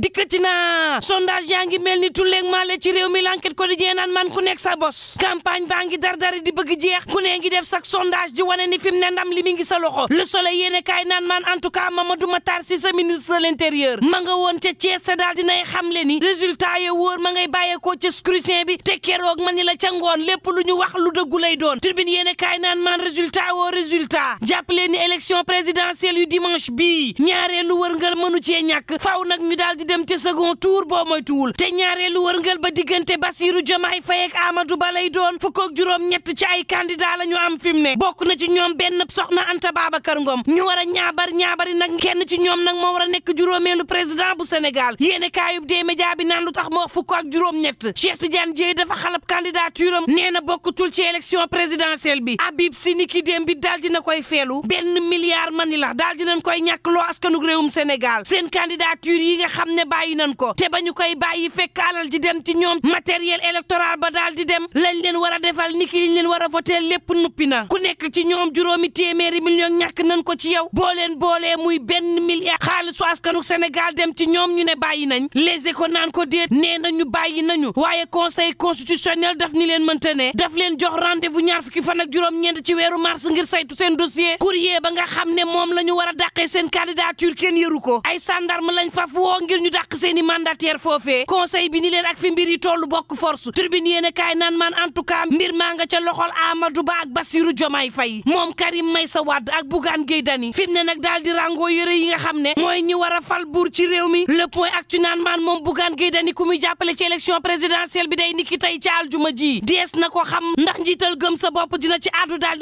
dikkati naa sondage yaa ngi mel ni tulleeg maale ci réew mi l'enquête quotidien naan man ku nekk sa bos campagne baa ngi dardari di bëgg jeex ku ne ngi def sak sondage di wane ni fi mu ne ndam li mi ngi sa loxo le soleil yéene naan man en tout cas Mamadou Matar Sy sa ministre de l'intérieur ma nga woon ca Thiès te daal dinay xam le ni résultat ya wóor ma ngay bàyyeekoo ca scrutin bi te keroog ma ni la ca ngoon lépp lu ñu wax lu dëggu lay doon tribune yéene kaay naan man résultat woo résultat jàppale ni élection présidentielle yu dimanche bii ñaareelu wërngal mënu cee ñàkk faaw nag ñu daal di dem ci second tour boo moytuwul te ñaareelu wërngal ba diggante Bassirou Diomaye Faye ak Amadou Ba lay doon fukk ak juróom-ñett ci ay candidat la ñu am fi mu ne bokk na ci ñoom benn soxna Anta kar Ngom ñu war a ñaabar ñaabari nag kenn ci ñoom nag moo war a nekk juróomeelu président bu Sénégal yéene kaayub dee média bi naan lu tax moo fukk ak juróom-ñett Cheikh Tidiane Dièye dafa xalab candidature am nee na bokkutul ci élection présidentielle bi Habib Sy niki dem bi daal dina koy feelu benn milliard mani la daal dinañ koy ñàkk loo askanug réewum Sénégal seen candidature yi ne bàyyi nañ ko te ba ñu koy bàyyi fekk alal ji dem ci ñoom matériel électoral ba daal di dem lañ leen war a defal ni ki liñ leen war a voté lépp nuppi na ku nekk ci ñoom juróomi téeméeri million ñàkk nañ ko ci yow boo leen boolee muy benn milliard e xaalisu askanu Sénégal dem ci ñoom ñu ne bàyyi nañ les éco naan ko déet nee nañu bàyyi nañu waaye conseil constitutionnel daf ni leen mënta ne daf leen jox rendez-vous ñaar fukki fanak ak juróom-ñeent ci weeru mars ngir saytu seen dossier courrier ba nga xam ne moom la ñu war a dàqee seen candidature kenn yëru ko ay sandarme lañ faf ngir ñu dàq seen i mandataire foofee conseil bi ni leen ak fi mbir yi tollu bokk force turbine yéen a kaay naan man en mbir maa nga ca loxol Amadou Ba ak Bassirou Diomaye Faye moom Karim Meïssa Wade ak Bougane Gueye Dany ne nag daal di yëre yi nga xam ne mooy ñi war a fal buur ci réew mi le point ak ci naan man moom Bougane Gueye ku muy jàppale ci élection présidentielle bi day ni ki tey aljuma ji dees na ko xam ndax njiital gëm sa bopp dina ci àddu daal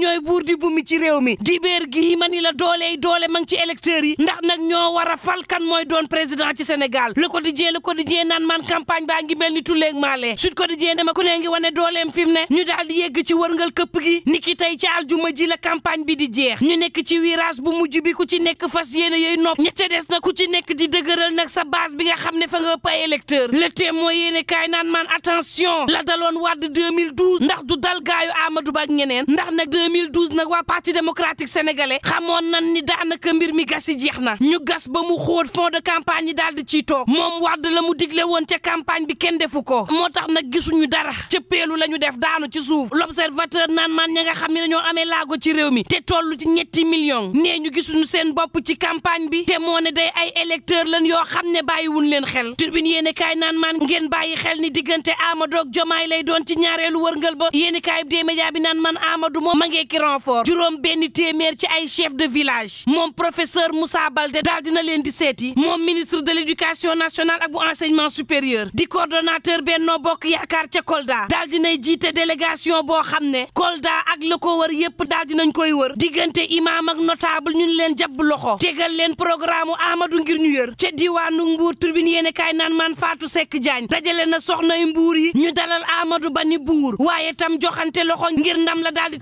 a ñooy buur di bu mi ci réew mi dibéer gii ma ni la doole yi doole ma ci électeurs yi ndax nag ñoo war a fal kan mooy doon président ci Sénégal le quotidien le quotidien naan man campagne baa ngi mel ni tulleeg maale sud quotidien ma ku ne ngi wane dooleem fi mu ne ñu daal di yegg ci wërngal këpp gi ni ki tey ci aljuma ji la campagne bi di jeex ñu nekk ci virage bu mujj bi ku ci nekk fas yéene yooyu nopp ñette des na ku ci nekk di dëgërël nag sa base bi nga xam ne fa nga ëpp ay électeur le kaay naan man attention la daloon wàdd 2012 ndax du dal gaayu Amadou Ba ak 2012 nag waa parti démocratique sénégalais xamoon nan ni daanaka mbir mi gas yi jeex na ñu gas ba mu xóot fond de campagne yi daal di ciy toog moom Wade la mu digle woon ca campagne bi kenn defu ko moo tax nag gisuñu dara cëppeelu la ñu def daanu ci suuf l'observateur naan man ña nga xam ne dañoo amee laago ci réew mi te tollu ci ñetti million nee ñu gisuñu seen bopp ci campagne bi te moo ne day ay électeurs lan yoo xam ne bàyyiwuñ leen xel turbine yéene kaay naan man ngeen bàyyi xel ni diggante Amadou ak lay doon ci ñaareelu wërngal ba yéene kaay bi dee média bi man Amadou moom ma yeeki renfort juróom benn téeméer ci ay chef de village moom professeur Moussa Baldé daal dina leen di seeti moom ministre de l' éducation nationale ak bu supérieur di coordonnateur Benno Bokk Yaakaar ca Kolda daal dinay jiite délégation boo xam ne Kolda ak la ko wër yépp daal dinañ koy wër diggante imam ak notable ñun leen jàpp loxo tegal leen programme Amadou ngir ñu yër ca diwaanu Mbour tribune yéene kaay naan man faatu Seck Diagne dajale na soxnay mbuur yi ñu dalal Amadou Ba ni waaye tam joxante loxo ngir ndam la daal di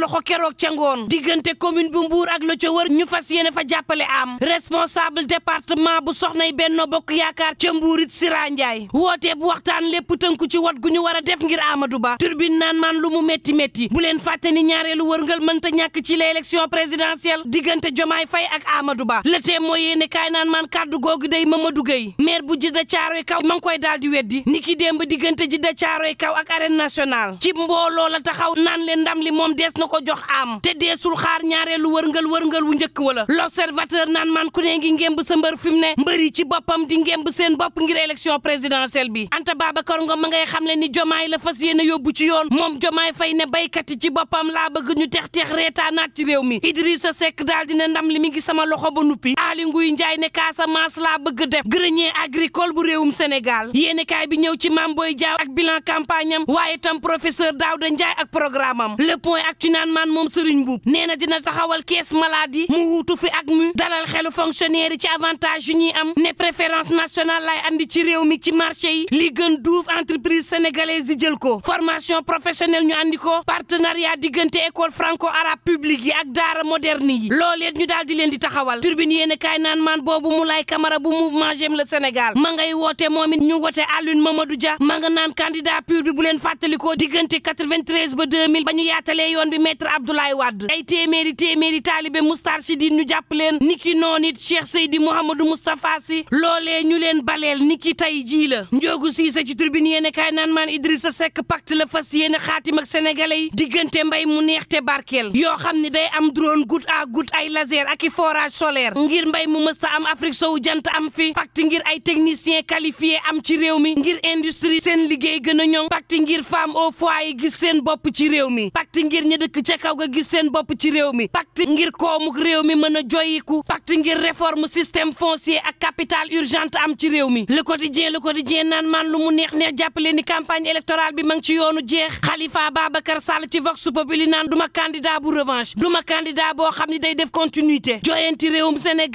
loxo keroog ca ngoon diggante commune bu mbuur ak la ca wër ñu fas yéene fa jàppale am responsable département bu soxnay Benno Bokk Yaakaar ca Mbour si Sira Ndiaye woote bu waxtaan lépp tënku ci wat gu ñu war a def ngir Amadou Ba turbine naan maan lu mu métti métti bu leen fàtte ni ñaareelu wërngal mënta ñàkk ci l'élection présidentielle diggante Jomaay fay ak Amadou Ba le tee mooy yéene kaay naan maan kàddu googu day Mamadou Gueye maire bu Jidda Caaroy Kaw ma ngi koy daal di ni ki démb diggante Jidda Caaroy Kaw ak arène nationale ci mbooloo la taxaw naan leen ndam li moom dees na ko jox am te deesul xaar ñaareelu wërngal wërngal wu njëkk wala l'observateur naan man ku ne ngi ngemb sa mbër fi mu ne mbëri ci boppam di ngemb seen bopp ngir élection présidentielle bi Anta Babacar Ngom ma ngay xam le ni jomaay la fas yéene yóbbu ci yoon moom jomaay fay ne béykat yi ci boppam laa bëgg ñu tex teex reetaanaat ci réew mi Idrissa Seck daal dina ndam li mi ngi sama loxo ba nuppi Aly Ngouille Ndiaye ne Casamance laa bëgg def grenier agricole bu réewum Sénégal yéenekaay bi ñëw ci Mame Boye ak bilan campagne waaye tam professeur Daouda Ndiaye ak programme am le ak ci naan maan moom Serigne Mboup nee na dina taxawal caisse maladie mu wuutu fi ak mu dalal xel fonctionnaire yi ci avantage yu ñuy am ne préférence nationale lay andi ci réew mi ci marché yi li gën duuf entreprise sénégalaise di jël ko formation professionnelle ñu andi ko partenariat diggante école franco arabe yi ak daara moderne yi loolee ñu daal di leen di taxawal turbine yéen kaay naan maan boobu Moulay kamara bu mouvement J'aime la Sénégal ma ngay woote moom it ñu wote Alioune Mamadou Dia ma nga naan candidat pur bi bu leen fàttalikoo diggante 93 ba 2000 ba ñu yaatalee yoon bi maître Abdoulaye Wade ay téeméeri téeméeri taalibe Moustarchidine ñu jàpp leen niki noon it Cheikh Seydi Mouhamadou Moustapha Sy loolee ñu leen baleel niki tey jii la njoogu siise ci tribune yéene kaay naan maan Idrissa Seck pacte la fas yéene xaatim ak sénégalais yi diggante mbay mu neex barkeel yoo xam ne day am drone goutte à ay laser ak i forage ngir mbay mu mësta am Afrique sowu jant am fi pacte ngir ay technicien qualifié am ci réew mi ngir industrie seen liggéey gën a ñoŋ pacte ngir femme au foyer gis seen bopp ci réew mi pacte ngir ña dëkk ca kaw ga gis sen bopp ci réew mi pacte ngir koomuk réew mi mën a joyiku pacte ngir réforme système foncier ak capital urgente am ci réew mi le quotidien le quotidien naan maan lu mu neex neex jàppale ni campagne électorale bi ma ngi ci yoonu jeex Khalifa Babacar Sall ci Vox Populi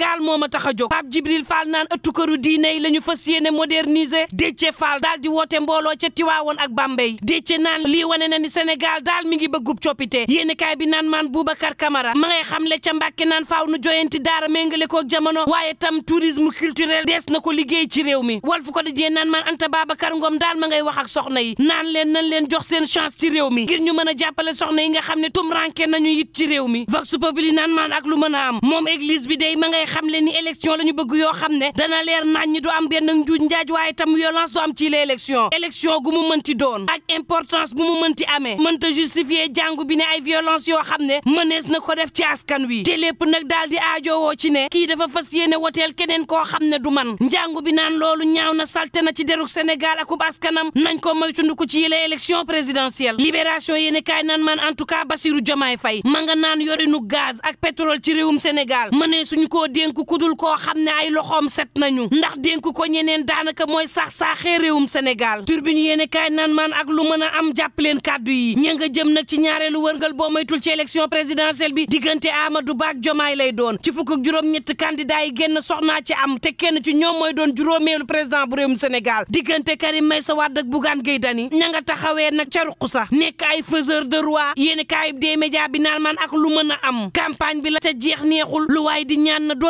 Sénégal moo ma tax a jóg Pape Djibril Fall naan ëttu këru diine yi la ñu fas yéene moderniser Déthié Fall daal di woote mbooloo ca Tiwaawoon ak Bambey Déthié naan lii wane na ni Sénégal daal mi ngi bëggub coppite yéenekaay bi naan maan Boubacar Camara ma ngay xamle ca Mbàkke naan faaw nu joyanti daara méngale koog jamono waaye tam tourisme culturel dees na ko liggéey ci réew mi Walf Quotidien naan maan Anta Babacar Ngom daal ma wax ak soxna yi naan leen nañ leen jox seen chance ci réew mi ngir ñu mën a jàppale soxna yi nga xam ne tum ranke nañu it a xam le ni élection la ñu bëgg yoo xam ne dana leer naañ ñi du am benn njuuj njaaj waaye tam violence du am ci les élection élection gu mu mënti doon ak importance bu mu mënti amee ne ay violence yoo na ko def ci askan wi lépp nag daal di aajoowoo ci ne kii dafa fas yéene woteel keneen koo xam ne du man njàngu bi naan loolu ñaaw na salte na ci deruk Sénégal akub askanam nañ ko moytundiku ci yile élection présidentielle libération yéene kaay naan man en tout cas Bassirou Diomaye Faye ma nga naan yorinu gaz ak pétrole ci réewum Sénégal mënee suñu koo dee dénk ku dul koo xam ne ay loxoom set nañu ndax dénk ko ñeneen daanaka mooy sax saaxee réewum Sénégal turbine yéene kaay naan maan ak lu mën a am jàpp leen kàddu yi ña jëm nag ci ñaareelu wërngal boo maytul ci élection présidentielle bi diggante Amadou baak ak Jomaay lay doon ci fukk juróom-ñett candidat yi génn soxnaa ci am te kenn ci ñoom mooy doon juróomeelu président bu réewum Sénégal diggante Karim Meïssa Wade ak Bougane Gueye Dany ña nga taxawee nag ca ruq sax nekk ay faiseur de roi yéene kaay des bi naan maan ak lu mën a am campagne bi la ca jeex neexul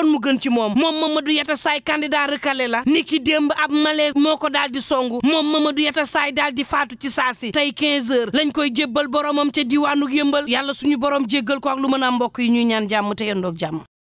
kon mu gën ci moom moom Mamadou Yatassay candidat recalé la ni ki démb ab malaise moo ko daal di songu moom Mamadou Yatassay daal di faatu ci saa si tey 15 heures lañ koy jébbal boromam ca diwaanu yëmbal yàlla suñu borom jéggal ko ak lu mën a mbokk yi ñuy ñaan jàmm te yendoog jàmm